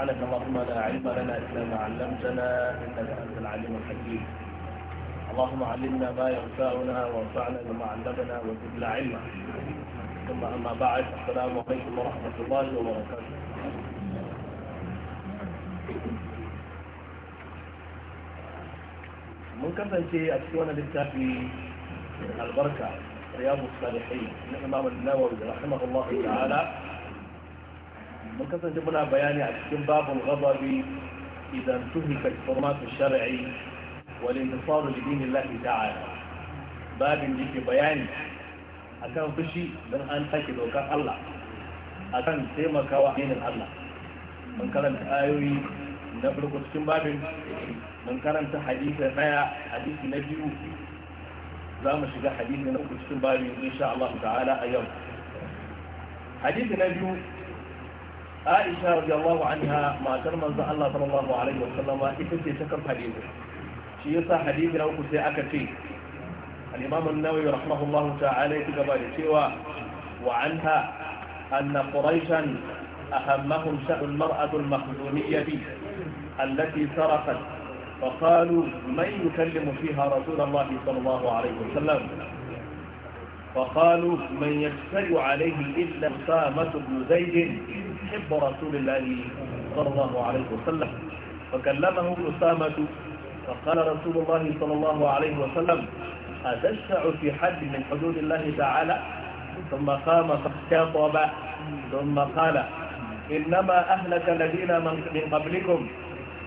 سبحانك اللهم لا علم لنا إلا ما علمتنا إنك أنت العليم الحكيم اللهم علمنا ما ينفعنا وانفعنا بما علمنا وزدنا علما ثم أما بعد السلام عليكم ورحمة الله وبركاته من كان أنت cikin wani البركة رياض الصالحين salihin na النووي رحمه الله تعالى mun kasance muna bayani a cikin babul ghadabi idan tuhika al-hurmatu shar'i wal intisar li dinillahi ta'ala babin da ke bayani akan fushi don an take dokar Allah akan taimakawa dinin Allah mun karanta ayoyi na farko cikin babin mun karanta hadisi daya hadisi na biyu za mu shiga hadisi na uku cikin babin insha Allah ta'ala a yau hadisi na biyu عائشة رضي الله عنها ما ترمز الله صلى الله عليه وسلم إفتت شكر حديثة شيء يسا حديث أو كسي أكتي الإمام النووي رحمه الله تعالى تقبل سوى وعنها أن قريشا أهمهم شأن المرأة المخدومية التي سرقت فقالوا من يكلم فيها رسول الله صلى الله عليه وسلم فقالوا من يكسر عليه إلا سامة بن زيد يحب رسول الله صلى الله عليه وسلم فكلمه أسامة فقال رسول الله صلى الله عليه وسلم أتشفع في حد من حدود الله تعالى ثم قام فاختطب ثم قال إنما أهلك الذين من قبلكم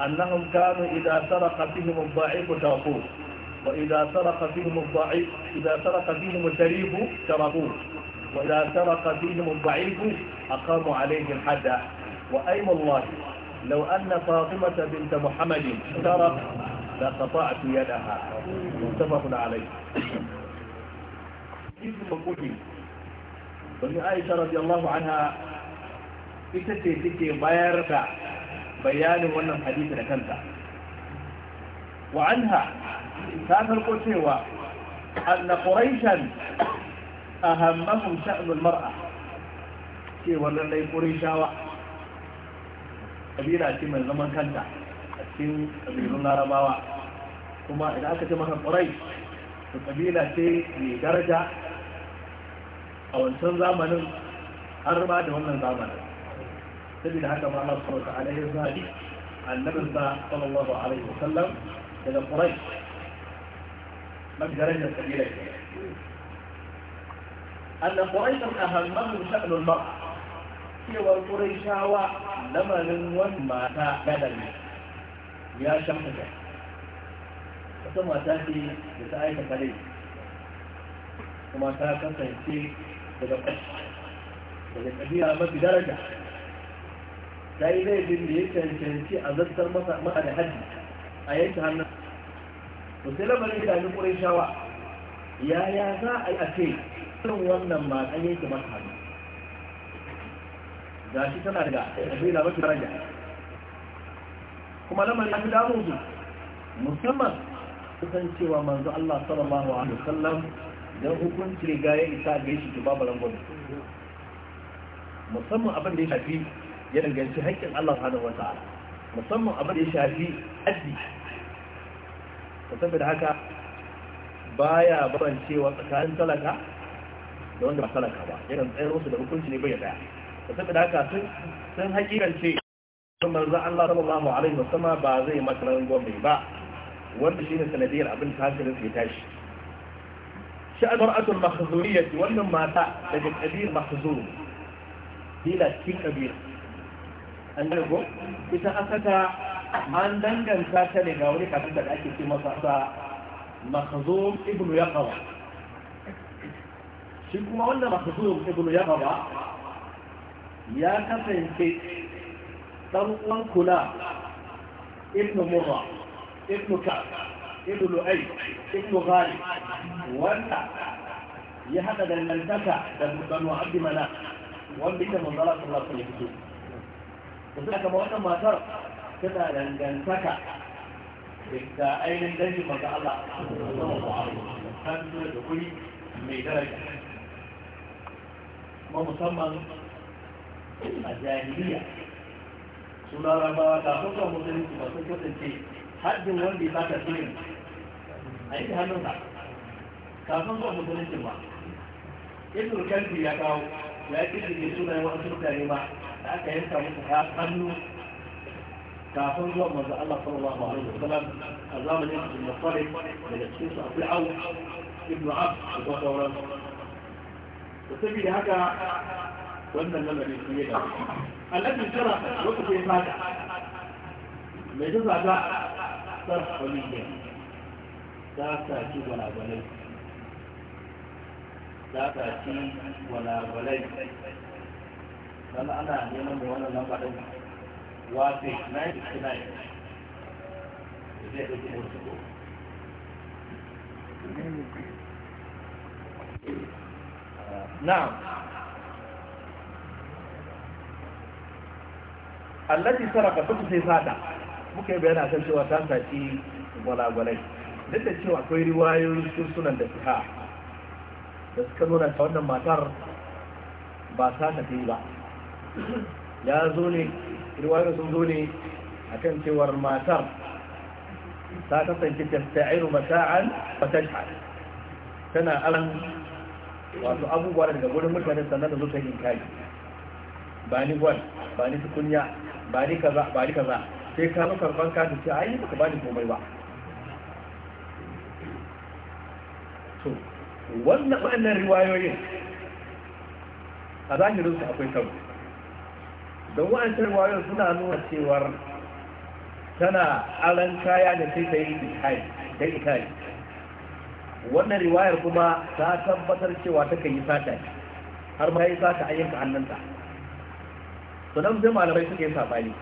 أنهم كانوا إذا سرق فيهم الضعيف تركوه وإذا سرق فيهم الضعيف إذا سرق فيهم الشريف تركوه وإذا سرق فيهم الضعيف أقاموا عليه الحد وأيم الله لو أن فاطمة بنت محمد سرق لقطعت يدها متفق عليه ابن قتل ومن عائشة رضي الله عنها في ce take bayar da bayanin wannan hadisi da kanta wa anha ta أهمهم شأن المرأة في ولن لي قري شاوة كبيرة كي من لمن كانت أكين كبير الله رباوة كما إذا أكت مهم قري كبيرة كي لدرجة أو أنسان زامن أربعة دولن زامن تبي لحكا ما الله صلى عليه وسلم عن نبي صلى الله عليه وسلم إلى قري ما درجة كبيرة أن قريشا أهمه شأن المرأة سوى القريشاوى لمن وماتا بدل يا شمسك ثم تأتي بسآية قليل ثم تأتي kasance daga ƙashi daga ƙabila mafi daraja ta yi laifin da ya cancanci a zartar masa da hajji a yanki hannun to sai lamarin shawarar shawa yaya za a yi a ce irin wannan ma an yanke masa hannu ga shi tana da kabila mafi daraja kuma lamar ya fi damu su musamman kusan cewa manzo Allah sallallahu alaihi Sallam, don hukunci riga ya isa ga shi ki babu rangon musamman abin da ya shafi ya danganci haƙƙin Allah subhanahu wata'ala musamman abin da ya shafi addi ta saboda haka baya babancewa tsakanin talaka da wanda ba sana ka ba yana tsayar su da hukunci ne bai daya da saboda haka sun sun hakikance sun manzo Allah sallallahu alaihi sama ba zai mata nan gobe ba wanda shine sanadiyar abin ta su sai tashi sha'ar mar'atul mahzuriyyah wannan mata daga kabir mahzur bila cikin kabir annabi go ita asaka an danganta ta ne ga wani kafin da ake ce masa sa mahzum ya yaqwa Shin kuma wanda masu ibnu yaba ba ya kasance dan uwan kula ibnu murra ibnu ka ibnu lu'ay ibnu ghalib wanda ya hada dangantaka da banu abdi mana wanda ita manzala sallallahu alaihi wasallam to sai kuma wannan matar tana dangantaka da ainihin dangin manzo Allah sallallahu alaihi wasallam kan da kuri mai daraja kuma musamman a jahiliya su larabawa kafin kusa musulunci ba sun kusance haddin wanda ya saka tsirin a yi hannunsa kafin zuwa musulunci ba ibn kalfi ya kawo ya kirkire sunan wasu mutane ba da aka yanka musu hannu kafin zuwa manzo Allah sallallahu alaihi wasallam a zamanin Abdul Muttalib daga cikin su Abu Auf ibn Abd da sauransu to saboda haka wannan lamarin shi ya dace alladin shara wata ya fada mai ta zaga sarfa miliyan ta saci gwalagwalai ta ci gwalagwalai dan ana neman da wannan lamba din wafe 99 da zai ɗauki wasu ko Thank you. na'am allati saraka fatu sai sada kuka yi bayani kan cewa ta saci gwalagwalai duk da cewa akwai riwayoyin sunan da suka da suka nuna ta wannan matar ba sa ta ba ya zo ne riwayoyin sun zo akan cewar matar ta kasance ta ta'iru mata'an wa tash'al tana aran wato abubuwa daga gurin mutane sannan da zo ta kai ba ni gwal ba ni tukunya ba ni kaza ba ni kaza sai ka zo karban ka ce ai baka bani komai ba to wannan wannan riwayoyin a zahirin su akwai tabu don wa'ancan riwayoyin suna nuna cewar tana alan kaya da sai ta yi kai dan wannan riwayar kuma ta tabbatar cewa ta kan yi sata har ma yi sata ayyuka annanta nan sai malamai suka yi sabani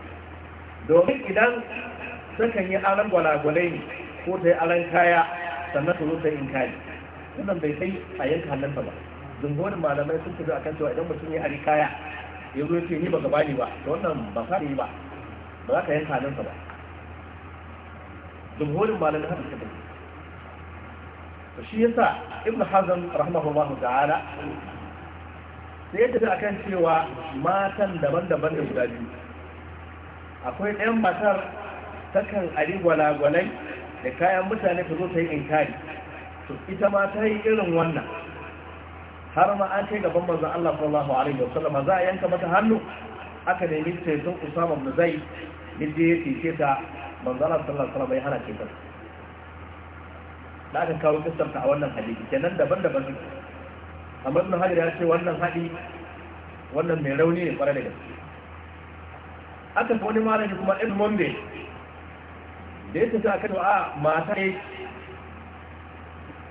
domin idan kan yi aran gwalagwalai ne ko ta yi aran kaya sannan ta zo ta in kari wannan bai kai a yanka hannunta ba zungonin malamai sun tafi akan cewa idan mutum ya ari kaya ya zo ce ni ba gaba ne ba to wannan ba fara yi ba ba za ka yanka hannunta ba zungonin malamai haka suka yi. shi yasa ibn hazan rahimahullahu ta'ala sai ya tafi kan cewa matan daban-daban da guda biyu akwai ɗayan matar takan ari gwalagwalai da kayan mutane ta zo ta yi inkari to ita ma ta yi irin wannan har ma an kai gaban manzon Allah sallallahu alaihi wasallam za a yanka mata hannu aka nemi sun Usama mu zai. ne je ya cece ta manzon Allah sallallahu alaihi wasallam ya hana ta da aka kawo kistarta a wannan hadisi kenan daban-daban su amma ibn hajar ya ce wannan hadi, wannan mai rauni ne kwarai da gaske aka ga wani malami kuma ibn mumbe da ya tafi kan a mata ne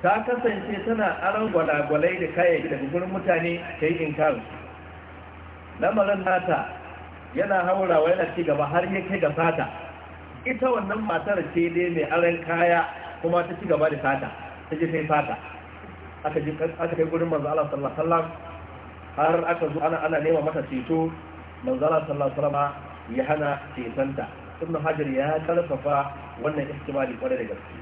ta kasance tana aron gwalagwalai da kayayyaki daga gurin mutane ta yi karu. lamarin nata yana haurawa yana ci gaba har ya kai ga fata ita wannan matar ce dai mai aron kaya kuma ta ci gaba da sata ta je sai sata aka je aka kai gurin manzo Allah sallallahu alaihi wasallam har aka zo ana ana nema mata ceto manzo Allah sallallahu alaihi wasallam ya hana cetanta ibn hajar ya karfafa wannan ihtimali kwarai da gaske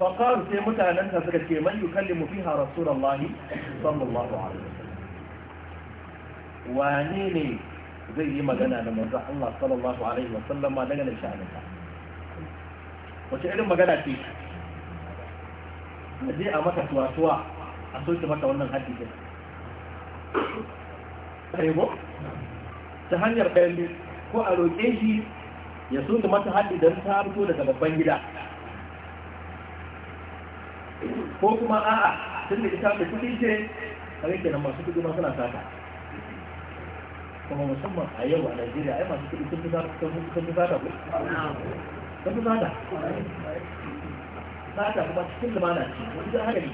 faqalu sai mutanen ta suka ce man yukallimu fiha rasulullahi sallallahu alaihi wasallam wane ne zai yi magana da manzo Allah sallallahu alaihi wasallam dangane da sha'aninta wace irin magana ce a je a mata tuwa-tuwa a soke mata wannan hadisin rego ta hanyar ɗaya ko a roƙe shi ya soke mata hadisin ta fito daga babban gida ko kuma a'a tun da ita ta kuɗi ce a rike nan masu kuɗi masu na sata kuma musamman a yau a Najeriya ai masu kuɗi sun fi sata ko ta fi bada bada kuma cikin lumana ce wani zan hana ne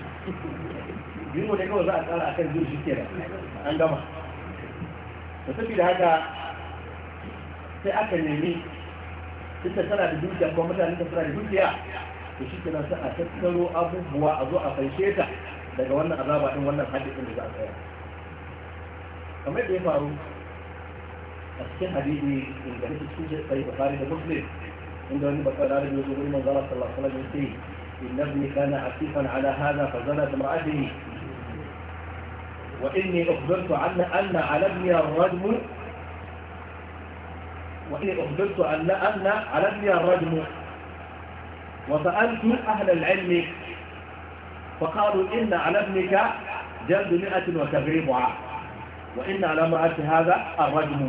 biyu ne kawai za a tsara a kan zuwa shi kera an gama da saboda haka sai aka nemi ita tana da dukiya kuma mutane ta tana da dukiya to shi kenan sai a tattaro abubuwa a zo a fanshe ta daga wannan azaba din wannan hadisin da za a tsaya kamar da ya faru a cikin hadisi inda nake cikin sai Bukhari da Muslim عندما ابي بكر العربي يقول من قال صلى الله عليه وسلم إن ابني كان عسيفا على هذا فزنت امرأته وإني أخبرت عن أن على ابني الرجم وإني أخبرت أن أن على ابني الرجم وسألت أهل العلم فقالوا إن على ابنك جلد مئة وتغريب عام وإن على امرأة هذا الرجم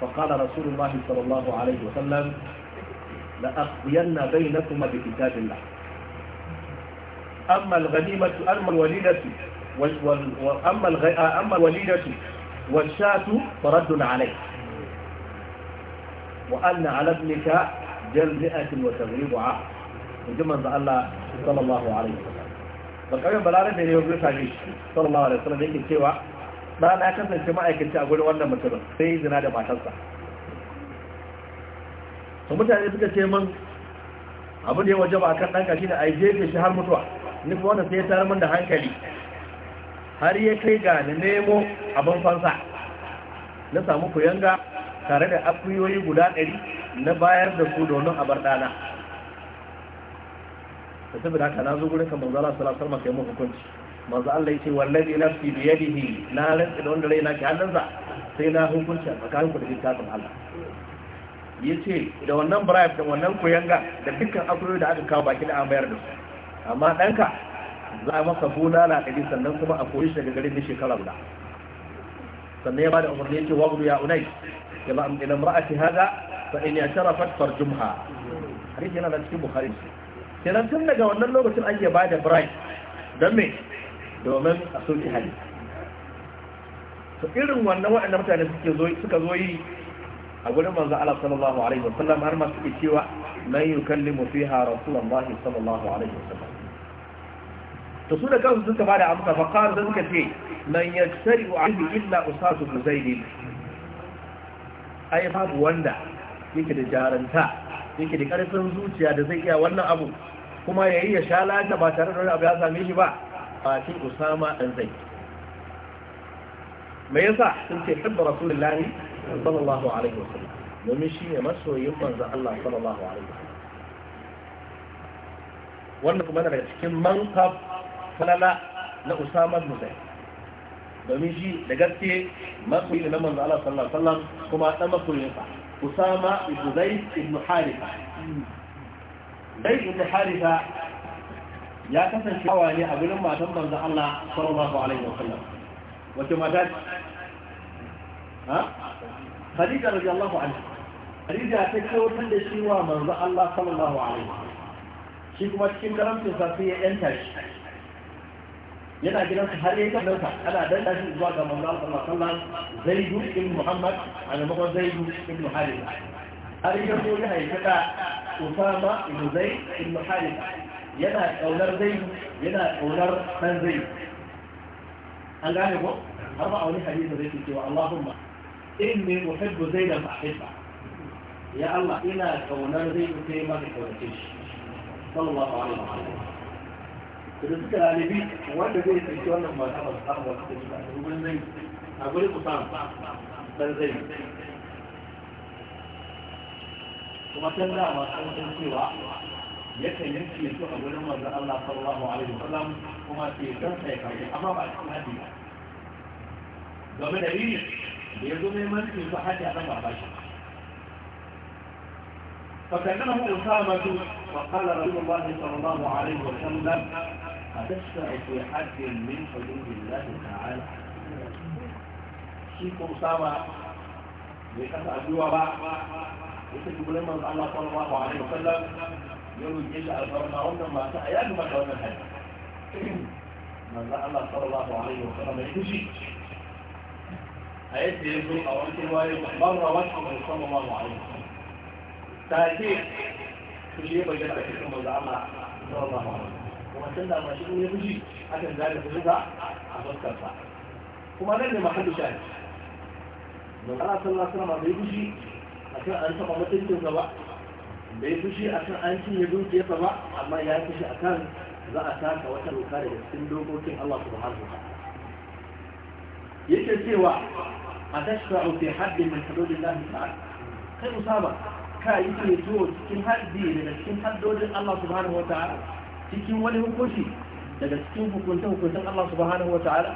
فقال رسول الله صلى الله عليه وسلم لأقضين بينكما بكتاب الله أما الغنيمة أما الوليدة وأما الغ... آه، أما الوليدة والشاة فرد عليه وأن على ابنك جل مئة وتغريب عهد وجمع الله صلى الله عليه وسلم بقى يوم بلارة من يوم صلى الله عليه وسلم يكي ɗana ya kasance ma'aikaci a gurin wannan mutumin sai zina da matarsa su mutane suka ce min abu da ya waje ba kan ɗanka shi da a jefe shi har mutuwa ni kuma wanda sai ya tara min da hankali har ya kai ga na nemo abin fansa na samu kuyanga tare da akuyoyi guda ɗari na bayar da su domin a bar ɗana da haka na zo gurin kan manzala salasar masu yi kai mu hukunci manzo Allah yace wallazi nafsi bi yadihi na rantsa da wanda na ke hannunsa sai na hukunta tsakanin ku da littafin Allah yace da wannan bribe da wannan koyanga da dukkan abubuwa da aka kawo baki da an bayar da su amma danka za a masa bulala ɗari sannan kuma a koyi shi daga garin da shekara guda sannan ya bada umarni yace wagdu ya unai ya ba idan ra'ati hada fa in yasharafat farjumha hadisi yana da cikin bukhari nan tun daga wannan lokacin ake bada bribe don me domin a soke hali to irin wannan waɗanda mutane suka zo yi a gurin manzo Allah sallallahu alaihi wa sallam har ma suke cewa man yukallimu fiha rasulullahi sallallahu alaihi wa sallam to su da kansu suka bada amsa fa qala da suka ce man yaksari alaihi illa usatu zaid ai babu wanda yake da jaranta yake da karfin zuciya da zai iya wannan abu kuma yayi ya sha lata ba tare da wani abu ya same shi ba قاتل Usama dan Zaid ما يسع أنت حب رسول sallallahu alaihi wasallam عليه وسلم ومشي مسو يمن Allah sallallahu alaihi عليه وسلم wannan kuma daga cikin mankab falala na Usama bin Zaid domin shi da gaske makoyi manzo Allah sallallahu alaihi wasallam kuma dan makoyin sa Usama ibn Zaid ibn Haritha Zaid ibn Haritha ya kasance hawa ne a gudun matan banza Allah sallallahu alaihi wa sallam wace mata ha Khadija radiyallahu anha Khadija ta kawatar da shi wa manzo Allah sallallahu alaihi wa shi kuma cikin karamcin sa sai ya yanta shi yana gidansa har yayin da dauka ana danda shi zuwa ga manzo Allah sallallahu alaihi wa sallam Zaidu ibn Muhammad a maimakon Zaidu ibn Harith har da ya haifi da Usama ibn Zaid ibn Harith yana kaunar zai yana kaunar san zai an gane ko har ba a wani hadisi zai ke cewa Allahumma inni uhibbu zaidan fa uhibba ya Allah ina kaunar zai ku sai maka kaunace shi sallallahu alaihi wa sallam da suka lalibi wanda zai tsaki wannan mata ba su samu wata da shi a gurin zai a gurin ku samu dan zai kuma can da masu cewa yakan yanke su a gurin manzon Allah sallallahu alaihi wasallam kuma sai dan sai kai amma ba cikin hadisi game da rini da ya zo neman su su hajji a ba ba shi فكلمه أسامة وقال رسول الله صلى الله عليه وسلم أتشفع في حد من حدود الله تعالى شيخ أسامة لكثأ أبوه بعض يتجب لمن الله صلى الله عليه وسلم ya roƙe shi alfarma wannan mata a yadu mata wannan hajji manzo Allah sallallahu alaihi wa sallam ya kushi a yadda ya zo a wani wayo barra wata mai sallallahu alaihi wa sallam ta ce ku shi bayyana a cikin manzo Allah sallallahu alaihi wa sallam kuma tunda ma shi ya kushi akan zalunta zuba a fuskarsa kuma nan ne mahallu shahidi manzo Allah sallallahu alaihi wa sallam bai kushi akan an taba mutuncinsa ba bai fushi akan an cinye dukiyarsa ba amma ya fushi akan za a taka wata doka daga cikin dokokin Allah subhanahu wa yake cewa a tashfa'u fi haddin min hadudillahi ta'ala kai musaba ka yi ke zuwa cikin haddi daga cikin haddodin Allah subhanahu wa ta'ala cikin wani hukunci daga cikin hukunta hukuntun Allah subhanahu wa ta'ala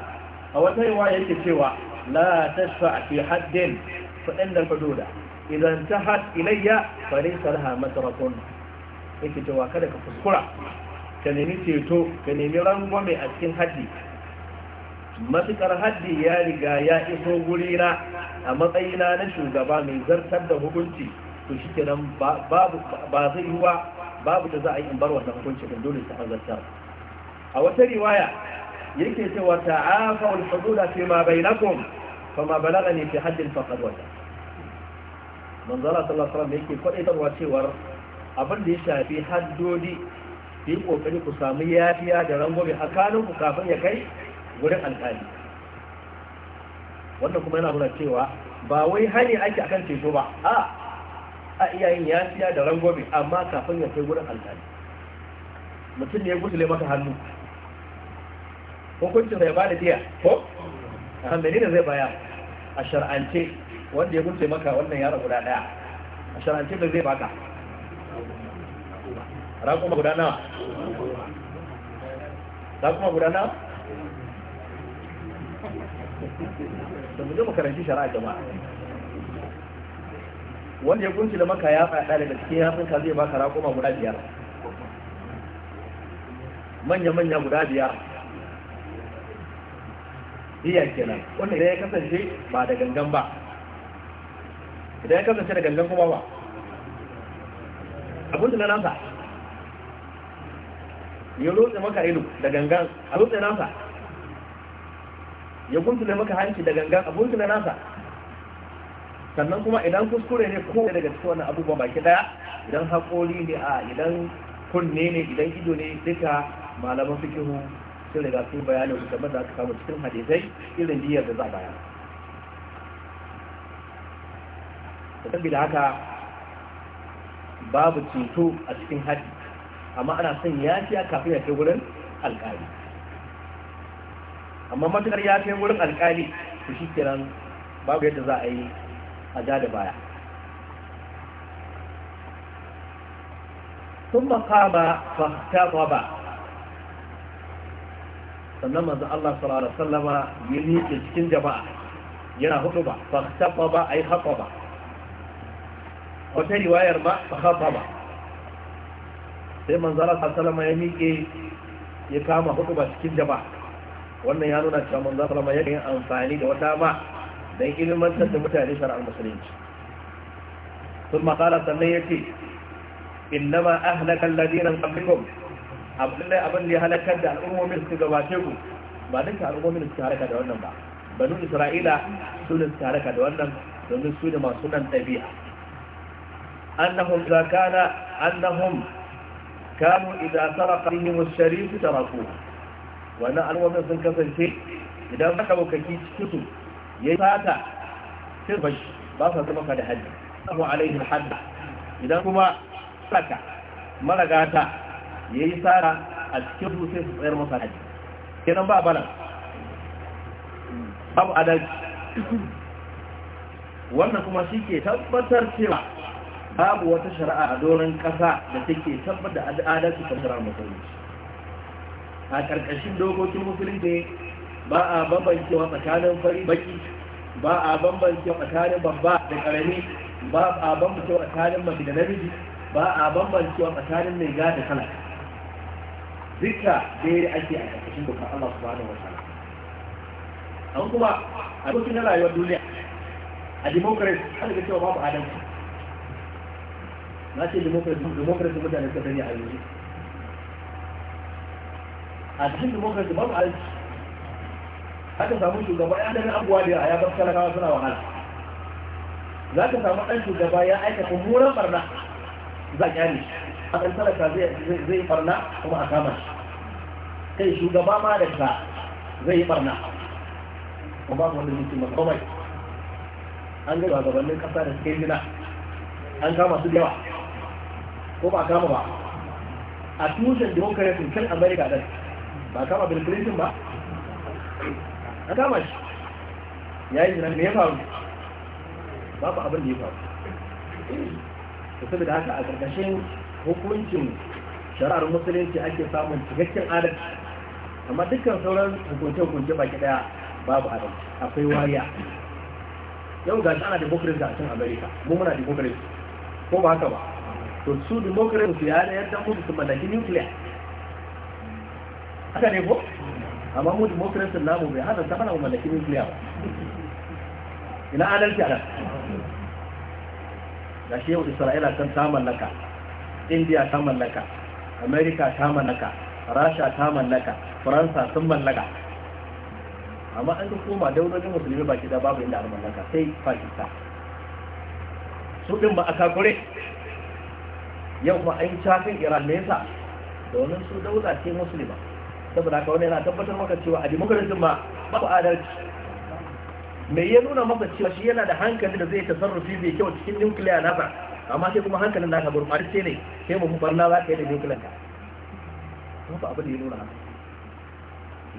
a wata yawa yake cewa la tashfa'a fi haddin fa'in da fadoda idan tahat ilayya fa laysa laha masrafun yake cewa kada ka kuskura ka nemi ceto ka nemi rangwame a cikin haddi matukar haddi ya riga ya iso gurina a matsayina na shugaba mai zartar da hukunci to shi kenan ba zai yi wa babu da za a in bar wannan hukunci dole ta zartar a wata riwaya yake cewa ta'afa al-hududa fi ma bainakum fama balagani fi haddin faqad wata manzala sallallahu alaihi yake kwadaitarwa cewar abin da ya shafi haddodi yi kokari ku samu yafiya da rangobi a kanin ku kafin ya kai wurin alƙali wannan kuma yana nuna cewa ba wai hani ake akan ceto ba a a iyayen yafiya da rangobi amma kafin ya kai wurin alƙali mutum ne ya gusule maka hannu hukuncin ya ba da biya ko a da zai baya a shar'ance wanda ya gunce maka wannan yaro guda daya a sharance da zai baka raƙuma guda nawa raƙuma guda nawa da mu je makaranci shara'a jama'a wanda ya gunce da maka ya faɗa daga cikin yatsunka zai baka raƙuma guda biyar manya-manya guda biyar iya kenan wanda ya kasance ba da gangan ba idan ya kasance da gangan kuma ba abin tunanansa ya rotse maka ido da gangan a tunanansa ya guntule maka hanci da gangan abin tunanansa sannan kuma idan kuskure ne ko daga cikin wannan abubuwan baki daya idan haƙori ne a idan kunne ne idan ido ne duka malaman fikihu sun riga sun bayanin kamar da aka samu cikin hadisai irin biyar da za a bayar saboda haka babu ceto a cikin haji amma ana son ya ce kafin ya kai wurin alƙali amma matuƙar ya kai wurin alƙali to shi kiran babu yadda za a yi a ja da baya sun makama ba ba, sannan manzan Allah sallallahu Alaihi wasallama ya liƙe cikin jama'a yana hudu ba ba a yi haƙa ba wata riwayar ma fa ba sai manzara salama ya miƙe ya kama hudu ba cikin jama'a wannan ya nuna cewa manzara salama ya yi amfani da wata ma don ilimantar da mutane al musulunci sun makala sannan ya ce innama ahlakan ladinan kafin abdullahi abin da ya halakar da al'ummomin su gabace ku ba duka al'ummomin su haraka da wannan ba banu isra'ila su ne su haraka da wannan domin su ne masu nan ɗabi'a أنهم إذا كان أنهم كانوا إذا سرق بهم الشريف تركوه وأنا الوضع سنكسر شيء إذا سحبوا كيس كتب يساتا تربش باسا تبقى لحد الله عليه الحد إذا كما سكا ملقاتا يساتا أتكبه سيس غير مصالح كنا بقى بلا أبو أدل wannan kuma تبتر سيلا babu wata shari'a a doron ƙasa da take tabbata adalci ta shari'ar musulunci a ƙarƙashin dokokin musulunci ba a bambancewa tsakanin fari baki ba a bambancewa tsakanin babba da ƙarami ba a bambancewa tsakanin mafi da namiji ba a bambancewa tsakanin mai ga da kala duka daidai ake a ƙarƙashin dokar Allah subhanahu wa ta'ala an kuma a cikin rayuwar duniya a democracy an ga cewa babu adalci na ce democracy mutane suka sani a yanzu a cikin democracy babu aiki haka samu shugaba ya dana abuwa da ya bar talakawa suna wahala za ka samu ɗan shugaba ya aikata muran barna za a kyale a ɗan talaka zai yi barna kuma a kama kai shugaba ma da ka zai yi barna kuma babu wanda mutum makomai an gaba gabanin ƙasa da suke zina an kama su da yawa ko ba kama ba a tushen democracy kan america ɗan ba kama bill clinton ba a kama shi ya yi zinan ya faru babu abin da ya faru da da haka a ƙarƙashin hukuncin shari'ar musulunci ake samun cikakken adalci amma dukkan sauran hukunce-hukunce baki daya babu adalci akwai wariya yau ga shi ana democracy a cikin america mu muna democracy ko ba haka ba to su democracy su ya da yadda mutu su mallaki nuclear haka ne ko amma mu democracy mu bai hana ta mana mallaki nuclear ba ina adalci a da shi yau isra'ila kan ta mallaka india ta mallaka america ta mallaka rasha ta mallaka faransa sun mallaka amma an koma daularin musulmi baki da babu inda an mallaka sai pakistan su ɗin ba a kakure yau ma an cakin iran ne yasa domin su daula ce musulma saboda haka wani yana tabbatar maka cewa a demokrasin ma babu adalci me ya nuna maka cewa shi yana da hankali da zai tasarrufi bai kyau cikin nukiliya na ba amma sai kuma hankalin naka ce ne sai mu barna za ka yi da nukiliyan ka babu abu da ya nuna haka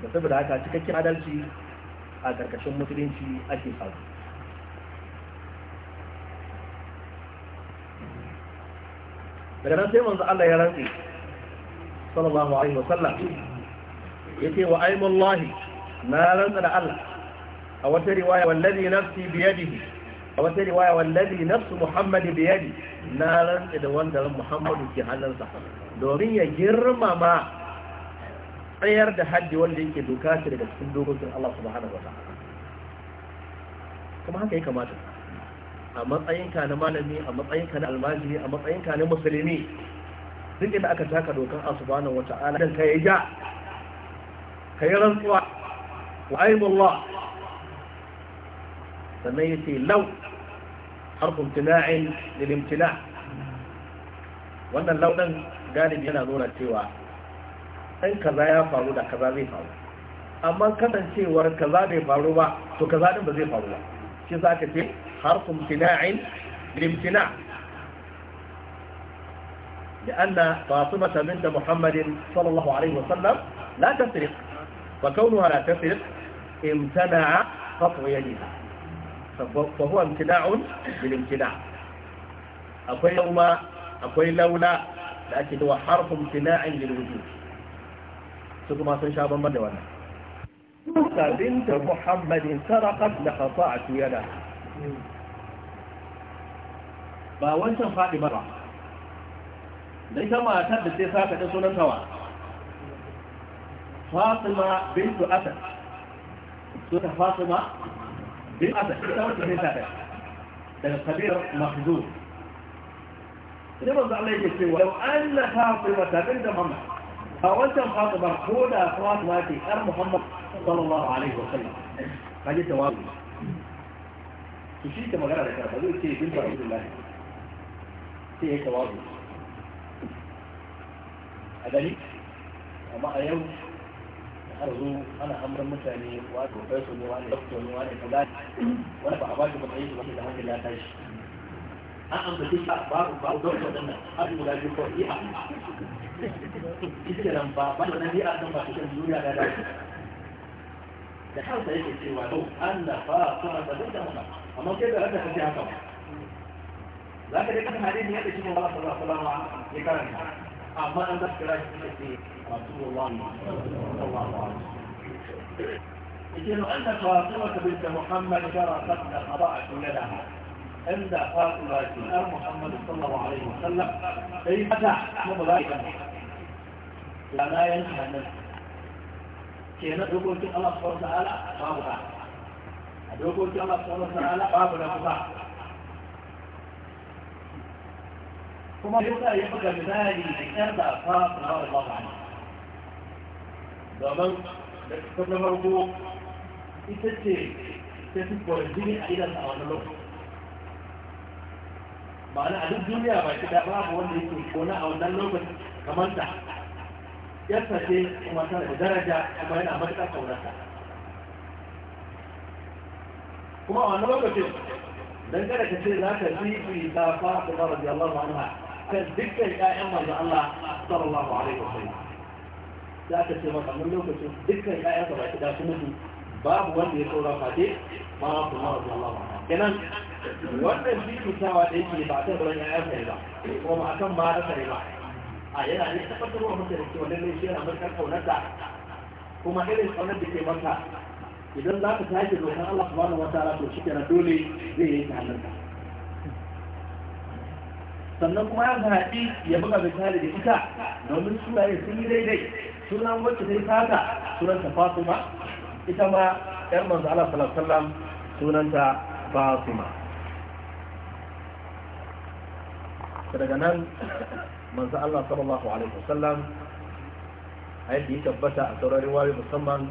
da saboda haka cikakken adalci a ƙarƙashin musulunci ake samu daga nan sai manzo Allah ya rantsi sallallahu alaihi wasallam yace wa aimullahi na rantsa da Allah a wata riwaya wallazi nafsi biyadihi a wata riwaya wallazi nafsu muhammadi biyadi na rantsa da wanda muhammadu ke hannunsa domin ya girmama tsayar da haddi wanda yake doka shi daga cikin dokokin Allah subhanahu wa ta'ala kuma haka ya kamata a matsayinka na malami a matsayinka na almajiri a matsayinka na musulmi duk inda aka taka dokar asubana wata ala dan ka yi ja ka yi rantsuwa wa aibullah sannan ya ce lau harfin tina'in lilimtina wannan lauɗin galibi yana nuna cewa ɗan kaza ya faru da kaza zai faru amma kasancewar kaza bai faru ba to kaza ɗin ba zai faru ba shi za ka ce حرف امتناع لامتناع لأن فاطمة بنت محمد صلى الله عليه وسلم لا تسرق فكونها لا تسرق امتنع قطع يدها فهو امتناع بالامتناع أقول يوم أقول لولا لكن هو حرف امتناع للوجود ثم سنشابا من وانا بنت محمد سرقت لقطعت يدها ba wancan faɗi ba da ita matar da sai saka ta sunan tawa fatima bintu asad suna fatima bin asad ita wacce sai saka daga kabilar mahzur idan manzo Allah yake cewa law anna fatima ta binta muhammad a wancan fatima ko da fatima ce yar muhammad sallallahu alaihi wasallam kaje tawazu to shi ka magana da ka ba zai ce bin ba irin lahi sai ya tawazu a gani amma a yau har zo ana amran mutane wato professor ne wani doctor ne wani kaza wani ba a ba shi ba sai ba da hankali ya tashi an ambace shi ba ba doctor din nan har guda biyu ko iya kike nan ba ba nan iya san ba cikin duniya da da da kansa yake cewa lau an da fa kuma da da mun أما كده هذا في جهة طبعا لكن يكون هذه هي تشوف الله صلى الله عليه وسلم في كلامها. أما أن تذكر أي في رسول الله صلى الله عليه وسلم إذا أن فاطمة بنت محمد جرى قبل قضاء كل لها عند فاطمة بنت محمد صلى الله عليه وسلم أي فتاة مبلغة لا ينهى النفس كانت يقول الله سبحانه وتعالى فاطمة a dokokin Allah subhanahu ta'ala babu na kusa kuma yasa ya buga misali da kyar da fa sallallahu alaihi domin da kusa na farko ita ce ta fi kwarjini a idan a wani lokaci ma'ana a duk duniya ba shi da babu wanda yake kona a wannan lokaci kamar ta yarsa ce kuma tana da daraja kuma yana matuƙar ƙaunarta kuma a wannan lokacin dan kada ka ce za ka zifi ta fatima radiyallahu anha kan dukkan ƴaƴan manzo Allah sallallahu alaihi wasallam za ka ce maka mun lokacin dukkan ƴaƴan ka baki da su mutu babu wanda ya saura fate ma kuma radiyallahu anha kenan wannan fifitawa da yake ba ta gurin ƴaƴan sa ba kuma akan ma da sa ba a yana ne tabbatarwa mutane cewa lallai shi yana matakar kaunarta kuma irin kaunar da ke maka idan za ka sake roƙon Allah subhanahu wa ta'ala to shikenan dole zai yanke hannunka sannan kuma ya haɗi ya buga misali da ita domin sunaye sun yi daidai sunan wacce ta yi fata sunan ta fatima ita ma yar manzo Allah sallallahu alaihi wasallam sunanta fatima daga nan manzo Allah sallallahu alaihi wasallam a yadda ya tabbata a sauran riwayoyi musamman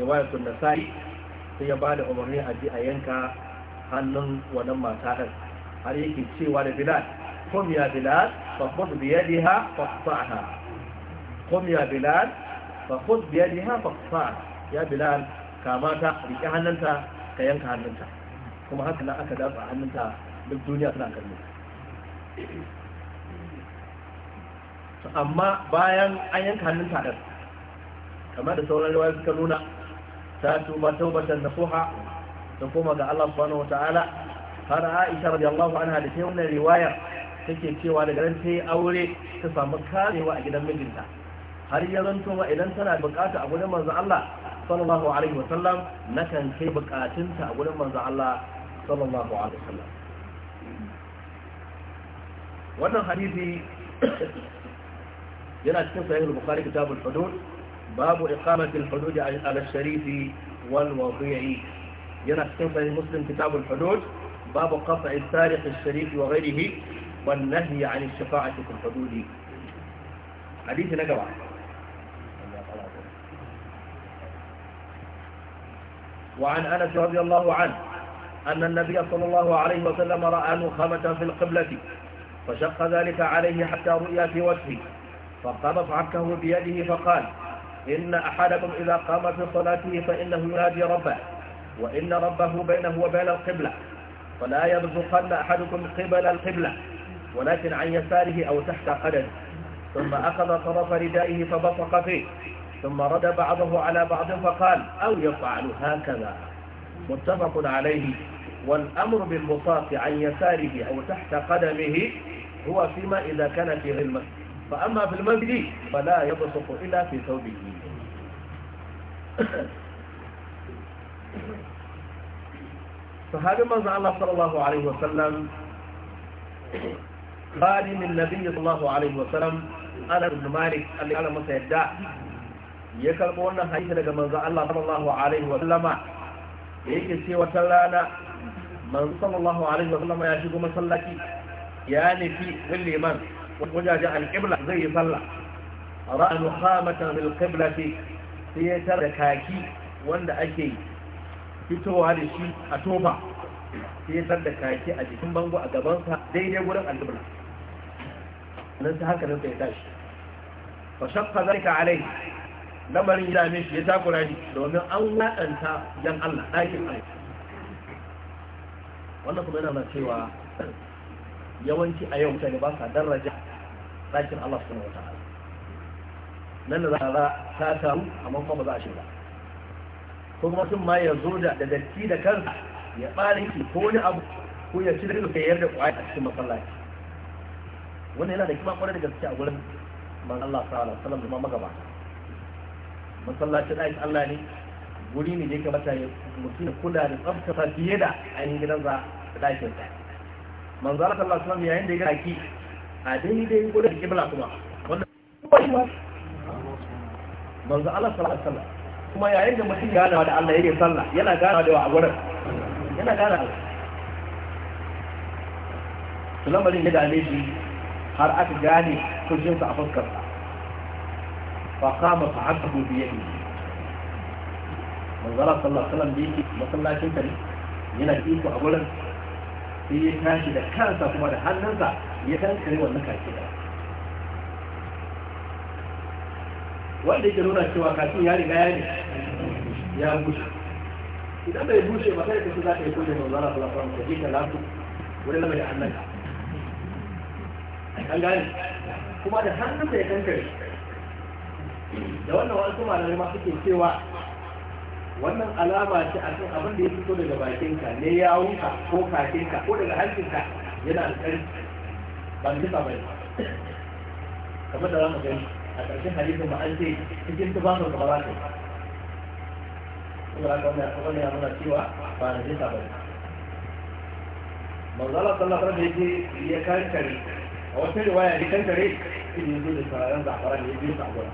riwayatul nasa'i sai ya bada umarni a ji a yanka hannun wannan mata ɗin har yake cewa da bilal kom ya bilal fakhud bi yadiha faqta'ha kom ya bilal fakhud bi yadiha faqta' ya bilal kamata rike hannunta ka yanka hannunta kuma haka nan aka dafa hannunta duk duniya tana kallo amma bayan an yanka hannunta ɗin kamar da sauran riwaya suka nuna ta tuba taubatan nasuha ta koma ga Allah subhanahu wataala har Aisha radiyallahu anha da ta wannan riwaya take cewa daga nan ta yi aure ta samu karewa a gidan mijinta har ya zanto ma idan tana bukata a gurin manzo Allah sallallahu alaihi wasallam nakan kai bukatunta a gurin manzo Allah sallallahu alaihi wasallam wannan hadisi yana cikin sahih al-bukhari kitabul hudud باب إقامة الحدود على الشريف والوضيع ينحكم في مسلم كتاب الحدود باب قطع السارق الشريف وغيره والنهي عن الشفاعة في الحدود حديث نقرأ وعن أنس رضي الله عنه أن النبي صلى الله عليه وسلم رأى نخامة في القبلة فشق ذلك عليه حتى رؤيا في وجهه فقام عكه بيده فقال إن أحدكم إذا قام في صلاته فإنه ينادي ربه وإن ربه بينه وبين القبلة فلا يرزقن أحدكم قبل القبلة ولكن عن يساره أو تحت قدمه ثم أخذ طرف ردائه فبصق فيه ثم رد بعضه على بعض فقال أو يفعل هكذا متفق عليه والأمر بالبصاق عن يساره أو تحت قدمه هو فيما إذا كان في غير المسجد فأما في المنزل فلا يبصق إلا في ثوبه فهذا ما الله صلى الله عليه وسلم خادم النبي صلى الله عليه وسلم أنا بن مالك اللي مسيدا مسيدة أن حيث لك من الله صلى الله عليه وسلم yake سي وتلانا من صلى الله عليه وسلم sallam ya shigo masallaki ya nufi wajaje alƙibla zai yi sallah ra'anu khamatan al qiblati sai ya tara da kaki wanda ake fitowa da shi a tofa sai ya tara da kaki a jikin bango a gaban sa daidai gurin alƙibla nan sai haka nan sai tashi fa shaqqa zalika alai lamarin ya dame shi ya takura shi domin an waɗanta yan Allah ɗakin Allah wannan kuma yana cewa yawanci a yau mutane ba sa daraja ɗakin Allah subhanahu wa ta'ala nan da za ta samu amma kuma ba za a shiga ko kuma sun ma ya zo da datti da kansa ya ɓare ki ko wani abu ko ya ci da kai yarda kwaya a cikin masallaci wannan yana da kima kwarai da gaske a gurin man Allah sallallahu alaihi wasallam da magabata masallacin ɗakin Allah ne guri ne da ya kamata ya mutum ya kula da tsaftace fiye da ainihin za da ɗakinsa manzo Allah sallallahu alaihi wasallam yayin da ya ga ki a daidai gudun da kibla kuma wannan bai ba manzo Allah sallallahu alaihi wasallam kuma yayin da mutum ya da Allah yake sallah yana gana da wa gurin yana gana da Su lamarin ya dame shi har aka gane kujin sa a fuskar sa fa qama fa hakabu bi yadi manzo Allah sallallahu alaihi wasallam yake masallacin ta ne yana iko a gurin sai ya tashi da kansa kuma da hannunsa ya tankare wannan kaki da wanda yake nuna cewa kakin ya riga ya ne ya bushe idan bai bushe ba sai ka su za ka yi kuje mai zara su lafa ka ji ka lafu wani lama da hannunka an gane kuma da hannunsa ya tankare da wannan wasu malamai ma suke cewa wannan alama ce a kan abin da ya fito daga bakinka ne ya wuka ko kakinka ko daga hancinka yana alƙari ba nufa ba ne kamar da za mu gani a ƙarshen hadisin ma an ce cikin tufafin ka ba za ka yi kuma ka wani ya nuna cewa ba na nufa ba ne manzala sallallahu alaihi ce ya kankare a wata riwaya ne kankare shi ne zuwa da sararin zafara ne ya biyu sa gura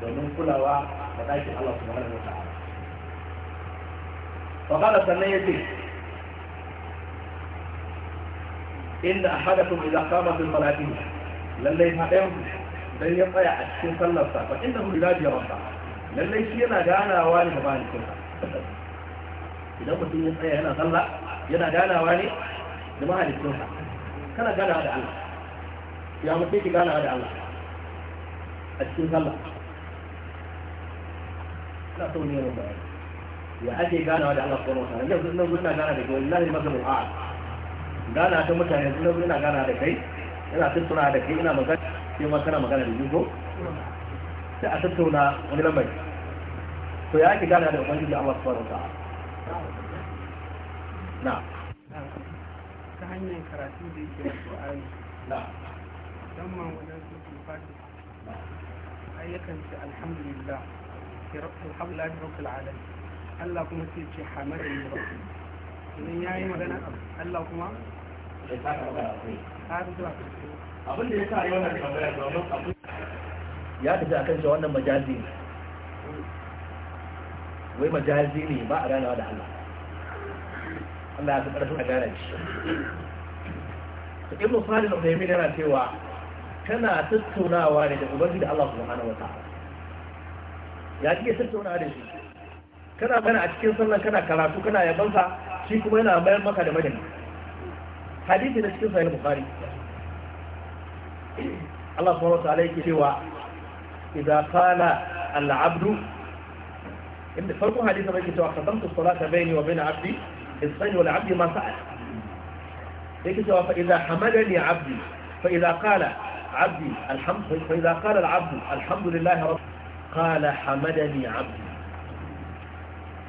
domin kulawa da ɗakin Allah subhanahu wa ta'ala فقال سميتي إن أحدكم إذا قام في صلاته لن يفهم بل يبقى أشكين صلى الله فإنه يلاجي ربه لن يسينا جانا واني مباني كلها إذا قلت إن يبقى هنا صلى ينا جانا واني لما كلها كان جانا هذا الله يا مسيكي جانا هذا الله أشكين صلى لا تقول لي أنا ya ake ganawa da Allah subhanahu wataala yau duk nan gana da kai wallahi mazhabul a'ad gana ta mutane duk nan ina gana da kai ina tattauna da kai ina magana sai ma kana magana da ko. sai a tattauna wani lamari to ya ake gana da ubangiji Allah subhanahu wataala na ta hanyar karatu da yake na musamman wajen ayyukan alhamdulillah rabbil alamin Allah kuma sai ce hamar yi ba idan ya yi magana Allah kuma ya ta ta zuwa abin da ya sa yau na tambaya domin abin ya tafi akan cewa wannan majazi ne wai majazi ne ba a ganawa da Allah Allah ya fi ƙarfin a gane shi ibn Salih da uthaymeen yana cewa tana tattaunawa ne da ubangiji Allah subhanahu wa ta'ala ya kike tattaunawa da shi kana kana a cikin sallan kana karatu kana yabansa shi kuma yana bayar maka da madani hadisi na cikin sahih bukhari Allah subhanahu wa ta'ala yake cewa idza qala al-'abdu in da farkon hadisi bai cewa qadamtu salata bayni wa bayna 'abdi as-sayyi wal 'abdi ma sa'al yake cewa fa idza hamadani 'abdi fa idza qala 'abdi alhamdu fa idza qala al-'abdu alhamdulillahi rabb qala hamadani 'abdi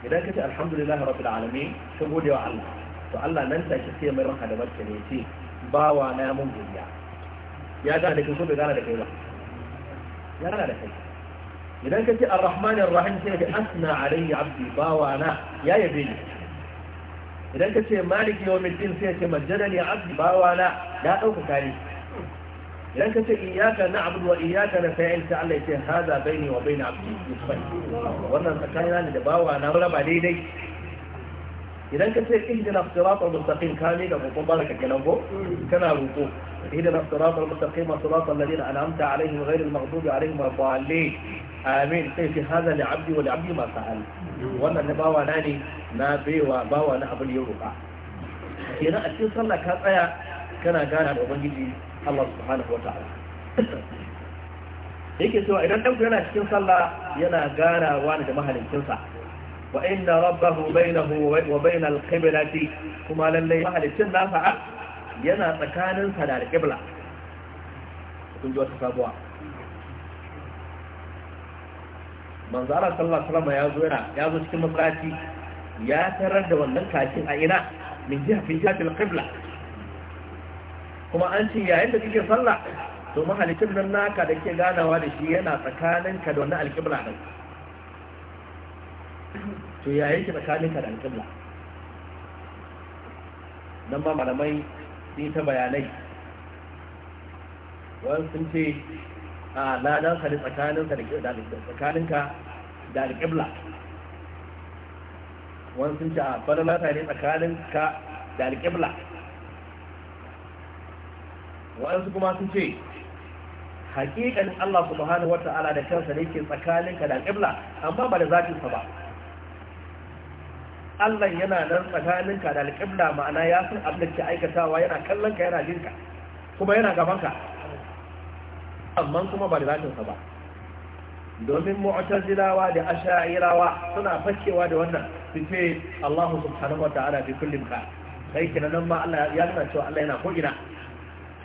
idan ka ce alhamdulillah rabbil alamin ka gode wa Allah to Allah nan take sai mai ranka da barka ne ce bawa na mun godiya ya gane da kai ko bai gane da kai ba ya gane da kai idan ka ce arrahman arrahim sai ka asna alayhi abdi bawa na ya yabe ni idan ka ce malik yawmiddin sai ka majjadani abdi bawa na ya dauka kare idan ka ce iyaka na abu wa iyaka na fa'il ta Allah haza bai ne wa baina abdi yusfai wannan tsakanina ne da bawa na raba daidai idan ka ce ihdina siratal mustaqim ka ne da kokon baraka kenan ko kana roko ihdina siratal mustaqim siratal ladina an'amta alaihim ghayril maghdubi alaihim waladdallin amin sai ce hada li abdi wa li abdi ma sa'al wannan na bawa na ne na baiwa bawa na abul yau roka kenan a cikin sallah ka tsaya kana gana da ubangiji Allah subhanahu wa ta'ala yake cewa idan ɗanku yana cikin sallah yana ganawa da mahalicinsa wa inna rabbahu bainahu wa bainal qiblati kuma lallai mahalicin nasa yana tsakanin sa da qibla kun ji wata sabuwa manzo Allah sallallahu alaihi wasallam ya zo yana ya zo cikin masallaci ya tarar da wannan kakin a ina min jihatin jihatil qibla kuma an ce yayin da kake sallah to mahalicin nan naka da ke ganawa da shi yana tsakaninka da wani alƙibla ɗin to yayin ki tsakaninka da alƙibla nan ma malamai sun ta bayanai wani sun ce a ka da tsakaninka da alƙibla wani sun ce a fara lata ne tsakanin ka da alƙibla waɗansu kuma sun ce hakikan Allah subhanahu wa ta'ala da kansa ne ke tsakaninka da alƙibla amma ba da sa ba Allah yana nan tsakaninka da alƙibla ma'ana ya san abin da ke aikatawa yana kallon ka yana jinka kuma yana gaban ka amma kuma ba da sa ba domin mu'tazilawa da asha'irawa suna fakewa da wannan su ce Allah subhanahu wa ta'ala bi kullum ka sai kenan ma Allah ya nuna cewa Allah yana ko ina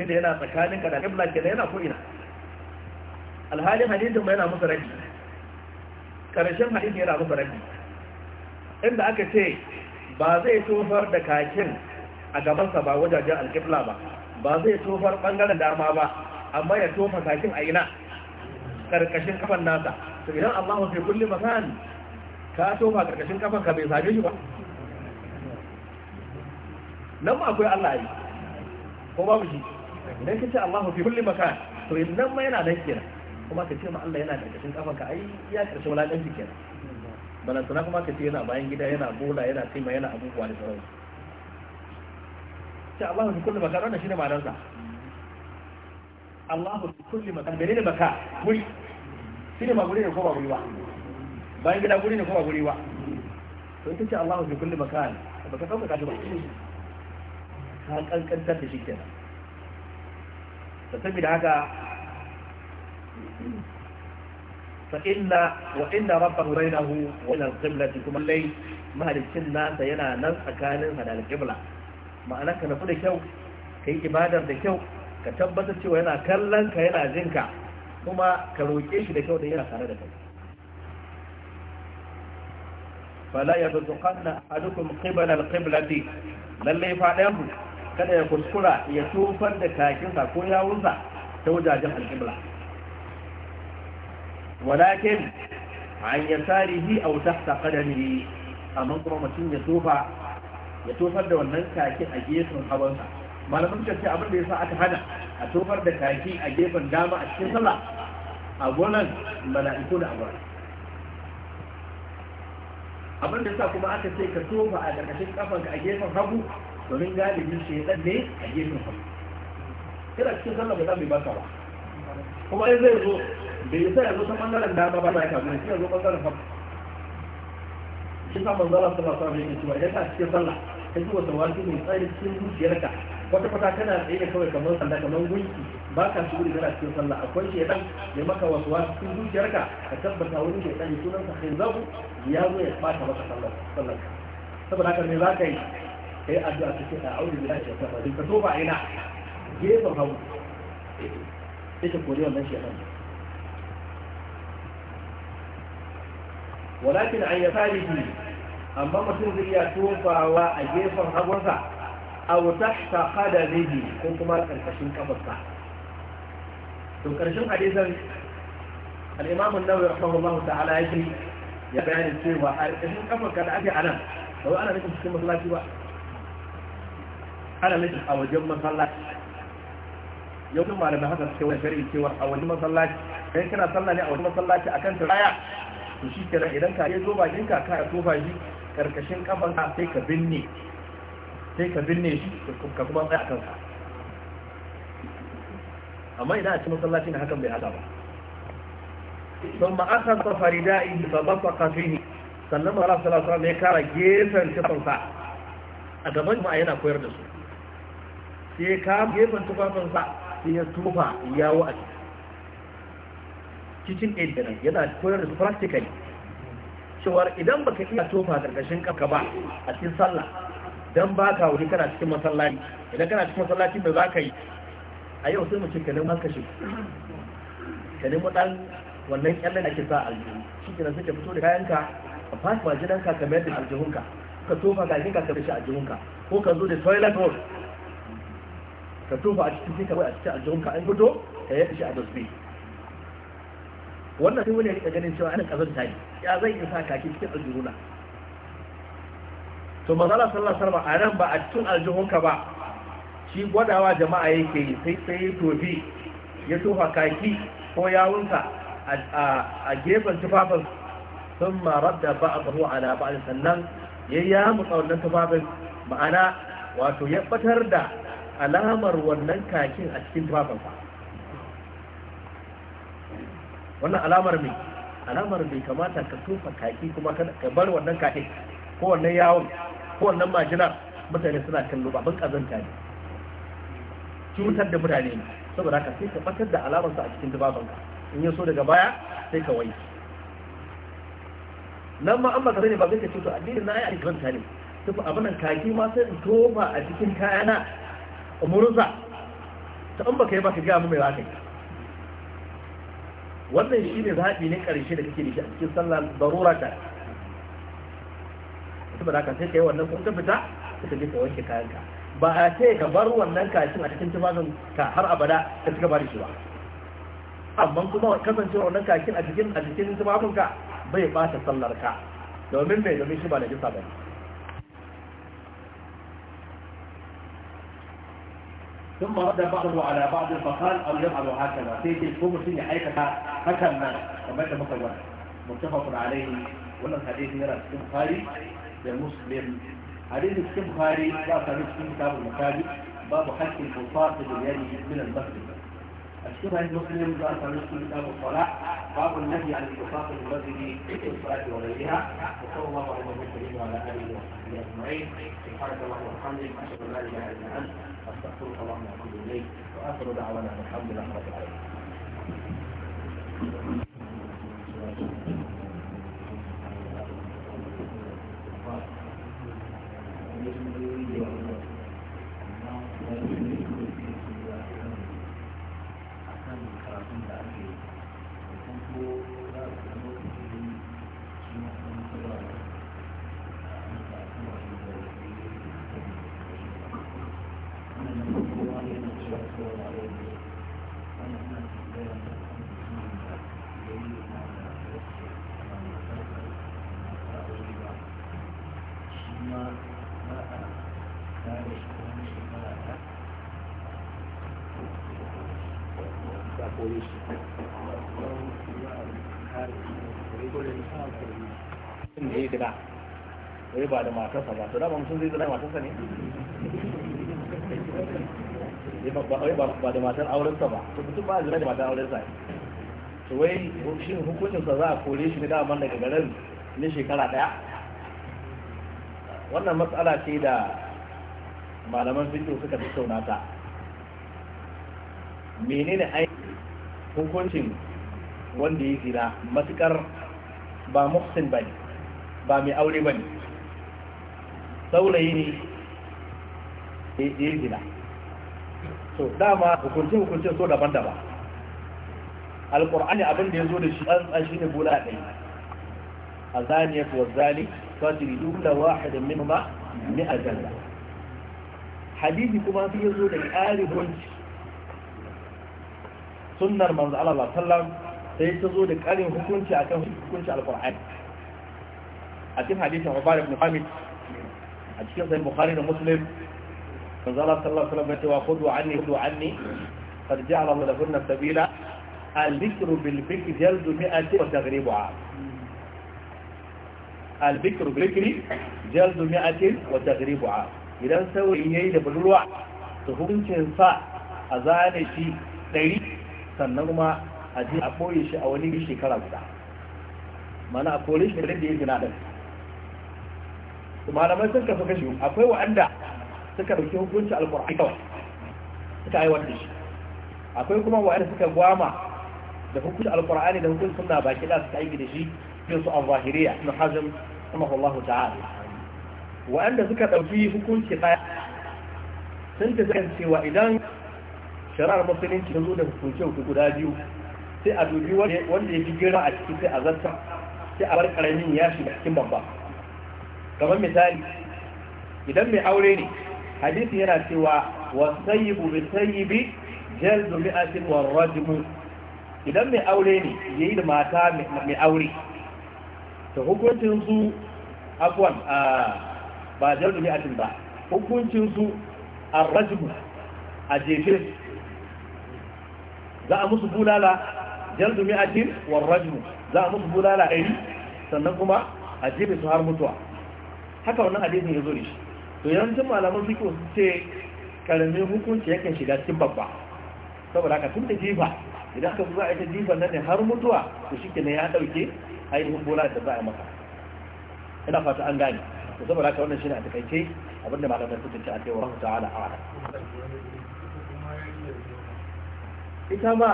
tunda yana tsakaninka da kibla kenan yana ko'ina alhalin hadithin ba yana musu rabi karshen hadisin yana musu rabi inda aka ce ba zai tofar da kakin a gabansa ba wajajen alkibla ba ba zai tofar bangaren dama ba amma ya tofa kakin a ina karkashin kafan nasa to idan Allahu fi kulli makan ka tofa karkashin kafan ka bai same shi ba nan ma akwai Allah yi ko babu shi idan ka ce Allah fi kulli makan to idan ma yana nan kenan kuma ka ce ma Allah yana karkashin kafan ka ai ya karshe wulakanci bana balantana kuma ka ce yana bayan gida yana bola yana ma yana abubuwa da sauransu ce Allahu fi kulli makan wannan shine ma'anar sa Allahu fi kulli makan ne baka guri shine ma guri ne ko ba guri ba bayan gida guri ne ko ba guri ba to ka ce Allahu fi kulli makan baka dauka ka shi ba ka kankantar da shi kenan saboda haka فإن وإن ربه بينه وبين القبلة kuma لي مهلكين ناس yana nan tsakanin al alqibla ma'ana ka nafi da kyau kai ibadar da kyau ka tabbatar cewa yana kallon ka yana jinka, kuma ka roƙe shi da kyau da yana tare da kai fala yabzuqanna ahadukum qibla alqiblati lalle fa dayan kada ya kuskura ya tufar da kakinsa ko yawunsa ta wajajen alƙibla walakin an ya tarihi a ta qadamihi amma kuma mutum ya tufa ya tufar da wannan kakin a gefen hawansa malamin ce abin da sa aka hana a tufar da kaki a gefen dama a cikin sallah a gonan mala'iku da abuwa abin da sa kuma aka ce ka tufa a ƙarƙashin kafanka a gefen hagu domin galibin shi ya ne a gefen hannu kira cikin sallah ba za mu yi baka ba kuma in zai zo bai sa ya zo ta ɓangaren dama ba ta ka kamar shi ya zo ɓangaren hannu shi sa manzala ba sallah ne cewa idan ka cikin sallah ka ji wata wasu mai tsari cikin zuciyarka wata fata kana tsaye kawai kamar sanda kamar gunki ba ka shi wuri gara cikin sallah akwai shi ya maka wasu wasu cikin zuciyarka ka tabbata wani mai ya sunansa kai zabu ya zo ya ɓata maka sallar saboda haka me za ka yi kai addu'a ta ce a aure da shi ta fadin ka toba ina gefen hagu ita kore wannan shekan walakin an ya fari amma mutum zai iya tofawa a gefen hagunsa aw tahta qadamihi ko kuma karkashin kafarsa to karshen hadisan al-imam an-nawawi rahimahullah ta'ala yake ya bayanin cewa a karkashin kafar ka da ake a nan ba ana nufin cikin masallaci ba ana nufin a wajen masallaci yau kuma da haka suke wani shari'i cewa a wajen masallaci kai kana sallah ne a wajen masallaci akan turaya to shi kira idan ka zo bakin ka ka tofa shi karkashin kafan ka sai ka binne sai ka binne shi ka kuma tsaya akan ka amma idan a cikin masallaci ne hakan bai hada ba don ma aka tsafa rida'i da basaqa fihi sannan ma rasulullah sallallahu alaihi wasallam ya kara gefen kafansa a gaban jama'a yana koyar da su sai ya kama gefen tufafinsa sai ya tufa yawo a cikin aid yana koyar da practically cewar idan baka iya tofa karkashin kanka ba a cikin sallah dan baka wuri kana cikin masallaci idan kana cikin masallaci da ka yi a yau sai mu ci ka nemi kashi ka nemi dan wannan da ake sa aljihu shi kenan suke fito da kayanka a fashi gidanka ka kamar da aljihunka ka tofa gashin ka kamar shi aljihunka ko ka zo da toilet roll ka tofa a cikin kawai a cikin aljihun ka an fito ka yi shi a dosbe wannan sai wani ya rika ganin cewa ana kazanta ne ya zai sa kaki cikin aljihuna to manzala sallallahu alaihi wasallam a nan ba a cikin aljihun ka ba shi gwadawa jama'a yake yi sai sai tofi ya tofa kaki ko yawunka a gefen tufafin sun marar da ba a tsaro a labarin sannan ya yi yamu tsaunin tufafin ma'ana wato ya batar da alamar wannan kakin a cikin tufafinsa wannan alamar mai alamar mai kamata ka tofa kaki kuma ka bar wannan kakin ko wannan yawon ko wannan majina mutane suna kallo babban kazanta ne cutar da mutane ne saboda haka sai ka batar da alamarsa a cikin tufafinka in ya so daga baya sai ka wanke nan ma an baka ne ba zai ka ce to addinin na ai alkanta ne tafi abin kaki ma sai in a cikin kayana Umurinsa, ta in baka yi baka gaya mu mai waka wannan shi ne zaɓi ne ƙarshe da kake da shi a cikin sallah barura ta saboda haka sai ka yi wannan kun ka fita ka je ka wanke kayanka ba a ce ka bar wannan kashin a cikin tufafin ka har abada ka cika ba da shi ba amma kuma kasancewa wannan kashin a cikin a cikin ka bai bata sallar ka domin mai domin shi ba da jisa ba ne ثم رد بعضه على بعض فقال أو يفعل هكذا في تلكم سن حكم ما فمات مكوان متفق عليه ولا الحديث يرى السمخاري للمسلم حديث السمخاري لا تريد في كتاب المكاتب باب حكم الفصاص باليد من المسجد الشبهة المسلم ذات المسلم الصلاة باب النهي عن التفاق الرجل في وغيرها وصلى الله على النبي الكريم وعلى آله وصحبه أجمعين سبحانك اللهم وبحمدك أشهد أن لا إله إلا أنت أستغفرك اللهم وأتوب إليك وآخر دعوانا الحمد لله رب العالمين ya yi zina wai ba da matarsa ba to da ba mutum zai zina matarsa ne ba da matar aurensa ba to mutum ba zina da matar aurensa to wai shi hukuncinsa za a kore shi ne daman daga garin na shekara daya wannan matsala ce da malaman fito suka tattauna ta menene aiki hukuncin wanda ya zina matukar ba muhsin ba ne ba mai aure ba ne saurayi ne ya gina so dama hukunce hukunce so daban-daban alkur'ani abin da ya zo da shi an tsashi ne bula ɗaya a zaniyar wa zani fasiri dukkan wahidin min ba ni a jalla hadisi kuma sai ya zo da ƙari hunci sunnar manzo Allah sallallahu sai ta zo da ƙarin hukunci akan hukunci alkur'ani a cikin hadisin Abubakar ibn Hamid a cikin sahih Bukhari da Muslim manzo Allah sallallahu alaihi wasallam ya ce wa khudu anni khudu anni qad ja'ala Allah lakum sabila al-bikru bil bikri jaldu mi'ati wa taghribu 'am al-bikru bil bikri jaldu mi'ati wa taghribu 'am idan saurayi yayi da budurwa to hukuncin sa a zane shi 100 sannan kuma a je a koye shi a wani shekara guda mana a kore shi da yake na dan. malamai sun kafa kashi akwai wa'anda suka dauki hukunci alkur'ani kawai suka aiwata shi akwai kuma wa'anda suka gwama da hukunci alkur'ani da hukunci sunna baki da suka aiki da shi bin su al-zahiriya ibn hazm Allah ta'ala wa'anda suka dauki hukunci daya sun ta kan cewa idan shari'ar musulunci ta zo da hukunci hukunci guda biyu sai a dubi wanda ya fi girma a ciki sai a zarta sai a bar karamin ya shiga cikin babba kamar misali idan mai aure ne hadisi yana cewa wasayyibu bi sayyibi jaldu mi'atin wa rajmu idan mai aure ne yayi da mata mai aure to hukuncin su afwan ba jaldu mi'atin ba hukuncin su ar a jefe za a musu bulala jaldu mi'atin wa rajmu za a musu bulala ɗari sannan kuma a jefe su har mutuwa haka wannan hadisin ya zo ne shi to yanzu malaman fiko ce karamin hukunci yakan shiga cikin babba saboda haka tun da jifa idan aka zuwa ita jifa nan ne har mutuwa to shi ke ya ɗauke ainihin bola da za a maka ina fata an gane to saboda haka wannan shi ne a takaice abinda malaman suka ce a kai wa ta'ala a wada ita ma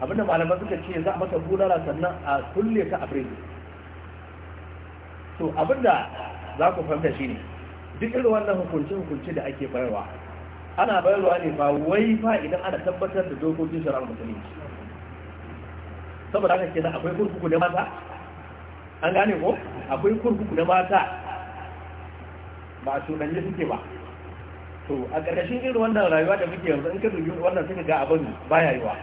abinda malaman suka ce za a maka bulala sannan a kulle ka a firiji to abinda za ku fahimta shi ne duk irin wannan hukunce-hukunce da ake bayarwa ana bayarwa ne ba wai fa idan ana tabbatar da dokokin shari'ar musulunci saboda haka kenan akwai kurkuku na mata an gane ko akwai kurkuku na mata ba a yi suke ba to a ƙarƙashin irin wannan rayuwa da muke yanzu in ka dubi wannan suka ga abin yi wa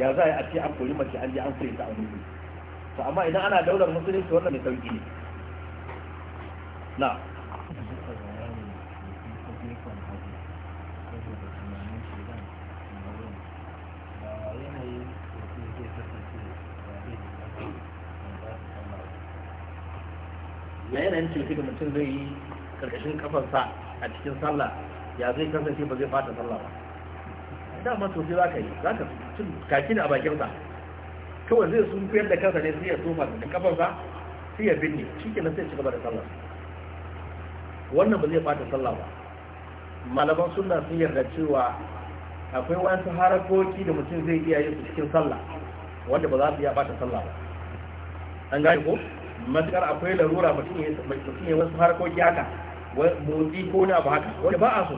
ya za a yi a ce an koli mace an je an kuri ta a to amma idan ana daular musulunci wannan mai sauki ne na na yanayin cikin da mutum zai yi karkashin kafarsa a cikin sallah ya zai kasance ba zai fata sallah ba dama sosai za ka yi za ka cin kaki a bakinsa kawai zai sun fiyar da kansa ne sai ya tofa da kafarsa sai ya binne shi ke na sai ci gaba da sallah wannan ba zai bata sallah ba malaman sunna sun yarda cewa akwai wasu harakoki da mutum zai iya yin su cikin sallah wanda ba za su iya bata sallah ba an gane ko matakar akwai larura mutum ya wasu harakoki haka motsi ko wani abu haka wanda ba a so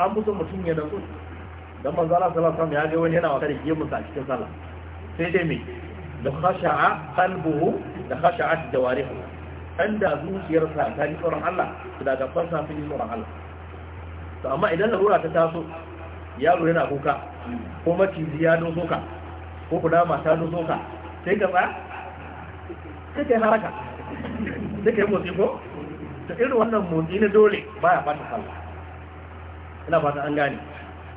an fi mutum ya nasu dan manzo Allah sallallahu alaihi ya ga wani yana wasa da gemun musa cikin sallah sai dai me da khasha'a qalbuhu da khasha'at jawarihu dan da zuciyarsa ta ji tsoron Allah da fansa sun ji tsoron Allah to amma idan larura ta taso yaro yana kuka ko maciji ya doso ka ko kudama ta doso ka sai ka tsaya sai ka yi haraka sai ka yi motsi ko ta irin wannan motsi na dole baya fata sallah ina fata an gane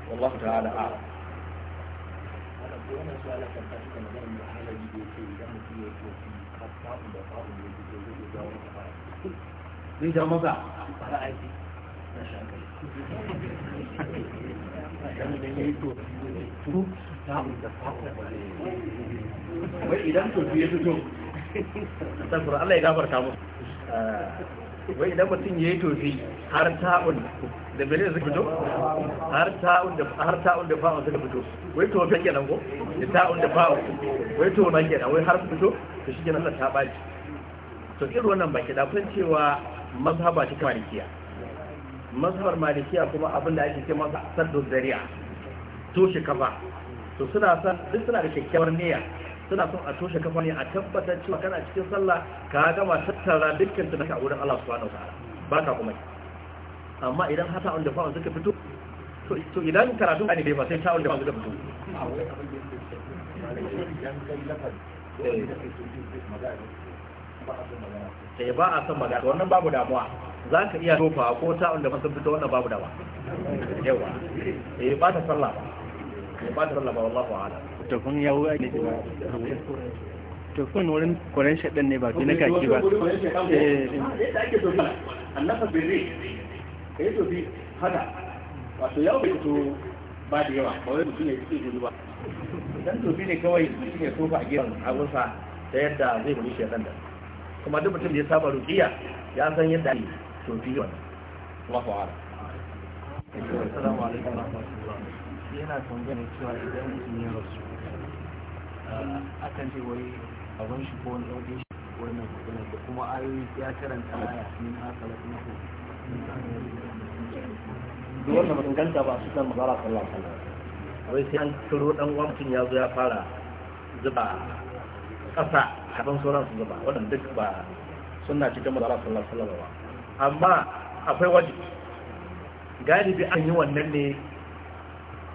wallahu ta'ala wannan su ta suka magana da halabi da yake idan mutum ya yi kofi kafin da sun sha masa wai idan tofi ya fito saboda Allah ya gafarta musu wai idan mutum ya yi tofi har ta'un da bere suka fito har ta'un da har da fa'un suka fito wai tofi kenan ko da ta'un da fa'un wai tofi kenan wai har fito to shi ta baci to irin wannan baki da kun cewa mazhaba ta malikiya mazhabar malikiya kuma abin da ake ce masa saddu zari'a toshe kafa to suna san duk suna da kyakkyawar niyya suna son a toshe kafa ne a tabbatar cewa kana cikin sallah ka gama tattara dukkan tunaka a wurin Allah subhanahu wataala baka kuma amma idan hata on da fa'on suka fito to idan karatu ne bai ba sai ta on ba fa'on suka fito idan kai lafaz sai eh, ba a son magana To wannan babu damuwa za ka iya tofa ko ta wanda masu fito wannan babu damuwa yawa eh ba ta sallah ba eh ba ta sallah ba wallahu a'lam to kun yawo ne to kun wurin koren shaɗan ne ba fi na kaki ba eh, eh. da ake tofi annafa bere kai bi haka wato yawo bai to ba da yawa ba wai mutum ya ci gudu ba dan bi ne kawai shi ne tofa a gefen agunsa ta yadda zai buli shaɗan da kuma duk mutum da ya saba rukiya ya san yadda ake to fi wannan Allahu a'lam assalamu alaikum warahmatullahi yana tambayar cewa idan mutum ya rasu eh, akan ce wai abin shi ko wani ɗauke shi wannan kuɗin da kuma ayoyi ya karanta aya min haka da kuma ko duk wannan inganta ba su san magana sallallahu alaihi wasallam wai sai an turo dan uwan mutum ya zo ya fara zuba ƙasa kafin sauran su zuba waɗanda duk ba suna cikin mazara sallar sallar ba amma akwai waje. galibi an yi wannan ne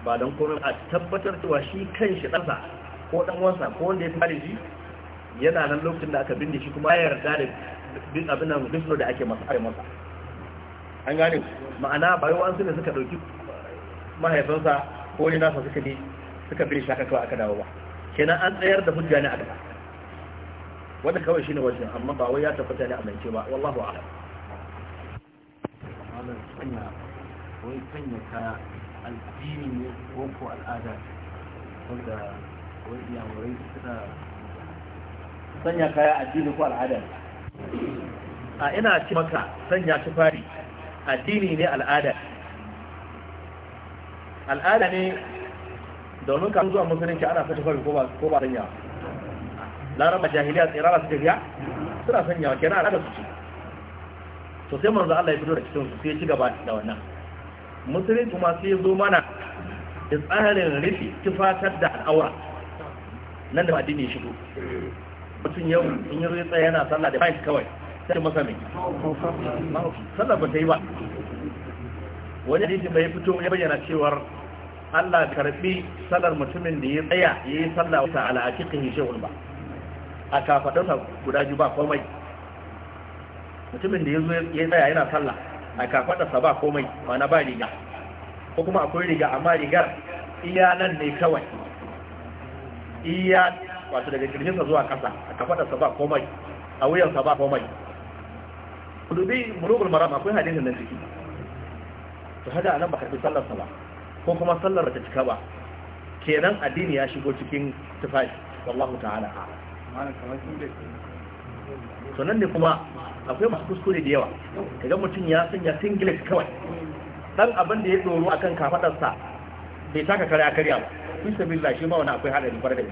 ba don komai a tabbatar cewa shi kan shi ɗansa ko ɗan wansa ko wanda ya fara shi yana nan lokacin da aka binne shi kuma ya yarda da duk abin nan duk da ake masa ai masa an gane ma'ana ba yi wa'ansu ne suka ɗauki mahaifinsa ko wani nasa suka ne suka bi shi haka kawai aka dawo ba kenan an tsayar da hujja ne a gaba wanda kawai shine wajen amma ba wai ya tabbata ne amince ba wallahu a'lam malam sanya wai sanya kaya addini ne ko ko al'ada wanda wai iyamurai suna sanya kaya addini ko al'ada a ina ci maka sanya fari. addini ne al'ada al'ada ne domin kan zuwa musulunci ana fata fari ko ba sanya laraba jahiliya tsirara suke biya suna wa kenan al'ada su ce to sai manzo Allah ya fito da cikin su sai ci gaba da wannan musulunci kuma sai zo mana da tsarin rufe tufatar da al'aura nan da addini ya shigo mutum yau in yi rutsa yana sallah da bayan kawai sai masa mai sallah ba ta yi ba wani hadisi bai fito ya bayyana cewar Allah karbi salar mutumin da ya tsaya ya yi sallah wata ala aqiqihi shay'un ba a kafaɗarsa guda biyu ba komai mutumin da ya zo ya tsaya yana sallah a kafaɗarsa ba komai mana ba riga ko kuma akwai riga amma rigar iya nan ne kawai iya wato daga kirjinsa zuwa ƙasa a kafaɗarsa ba komai a wuyansa ba komai dubi bulugul marama akwai hadisin nan ciki to haka anan ba karbi sallar sa ba ko kuma sallar da ta cika ba kenan addini ya shigo cikin tufafi wallahu ta'ala a'lam to nan ne kuma akwai masu kuskure da yawa kaga mutum ya sanya singlet kawai dan abin da ya doro akan kafadarsa bai taka kare a karya ba fi sabilla shi ma wani akwai hadari bar da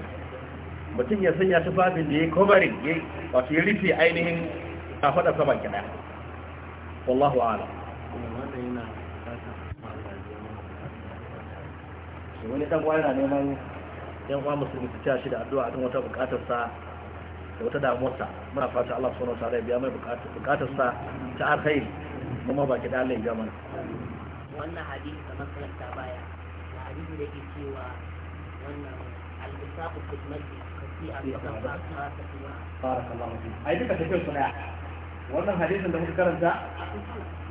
mutum ya sanya tufafin da ya covering ya wato ya rufe ainihin kafadarsa baki daya wallahu a'lam wani dan uwa yana neman yan uwa musulmi ta shi da addu'a don wata bukatar sa da wata damuwarsa muna fata Allah subhanahu wa ta'ala ya biya mai bukatar sa ta alkhairi kuma ba ki da Allah ya biya mana wannan hadisi kamar makaranta baya da hadisi da ke cewa wannan al-bisaqu fi majdi kasi al-bisaqu ai duka tafiyar su daya wannan hadisin da muka karanta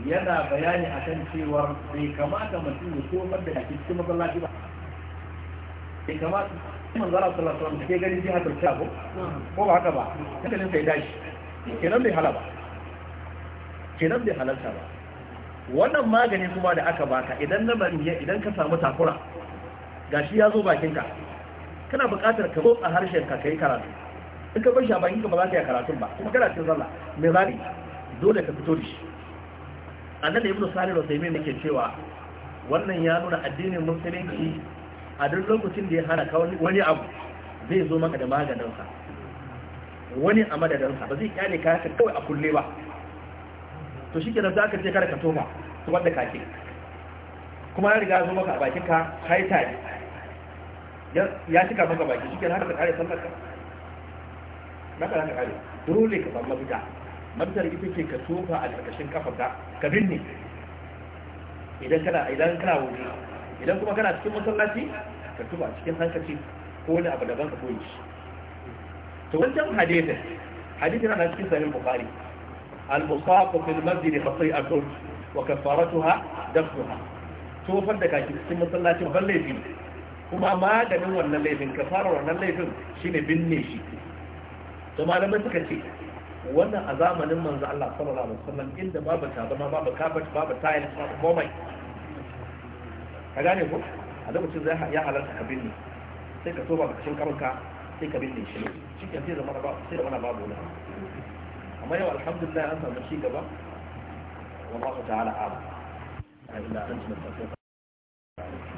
yana bayani akan cewa bai kamata mutum ya komar da cikin masallaci ba bai kamata man zara sallallahu alaihi wasallam ke ganin jihar da ko ko ba haka ba hankalin sai dashi kenan bai halaba kenan bai halalta ba wannan magani kuma da aka baka idan na bariya idan ka samu takura gashi ya zo bakinka kana buƙatar ka zo a harshen ka kai karatu in ka bar shi a bakinka ba za ka yi karatun ba kuma kana cin zalla mai zari dole ka fito da shi annan da ibnu salih al-usaymin yake cewa wannan ya nuna addinin musulunci a duk lokacin da ya hana ka wani abu zai zo maka da maganinsa wani a madadinsa ba zai kyale ka haka kawai a kulle ba to shi kenan za ka je kada ka toma su wadda kake kuma ya riga zo maka a bakin ka kai tare ya cika maka baki shi kenan haka ka kare sallar ka na ka kare dole ka samu mafita mafitar ita ce ka tofa a ƙarƙashin kafa ka ka binne idan kana idan kana wuri idan kuma kana cikin masallaci ka tuba cikin hankali ko wani abu daban ka koyi to wancan hadisin hadisin ana cikin sahih bukhari al-musaq fi al-masjid qati'atun wa kafaratuha dafnuha to fa da kake cikin masallacin ban laifi kuma maganin wannan laifin kafara wannan laifin shine binne shi to malamai suka ce wannan a zamanin manzo Allah sallallahu alaihi wasallam inda babu ta babu kafat babu tayil babu komai ka gane ko a mutum zai ya halarta ka binne sai ka toba kashin karanka sai ka binne shi shi cikin sai zama ba sai da zama babu wani amma yau alhamdulillah an samu ci gaba wa ba ta'ala a ila an tunanta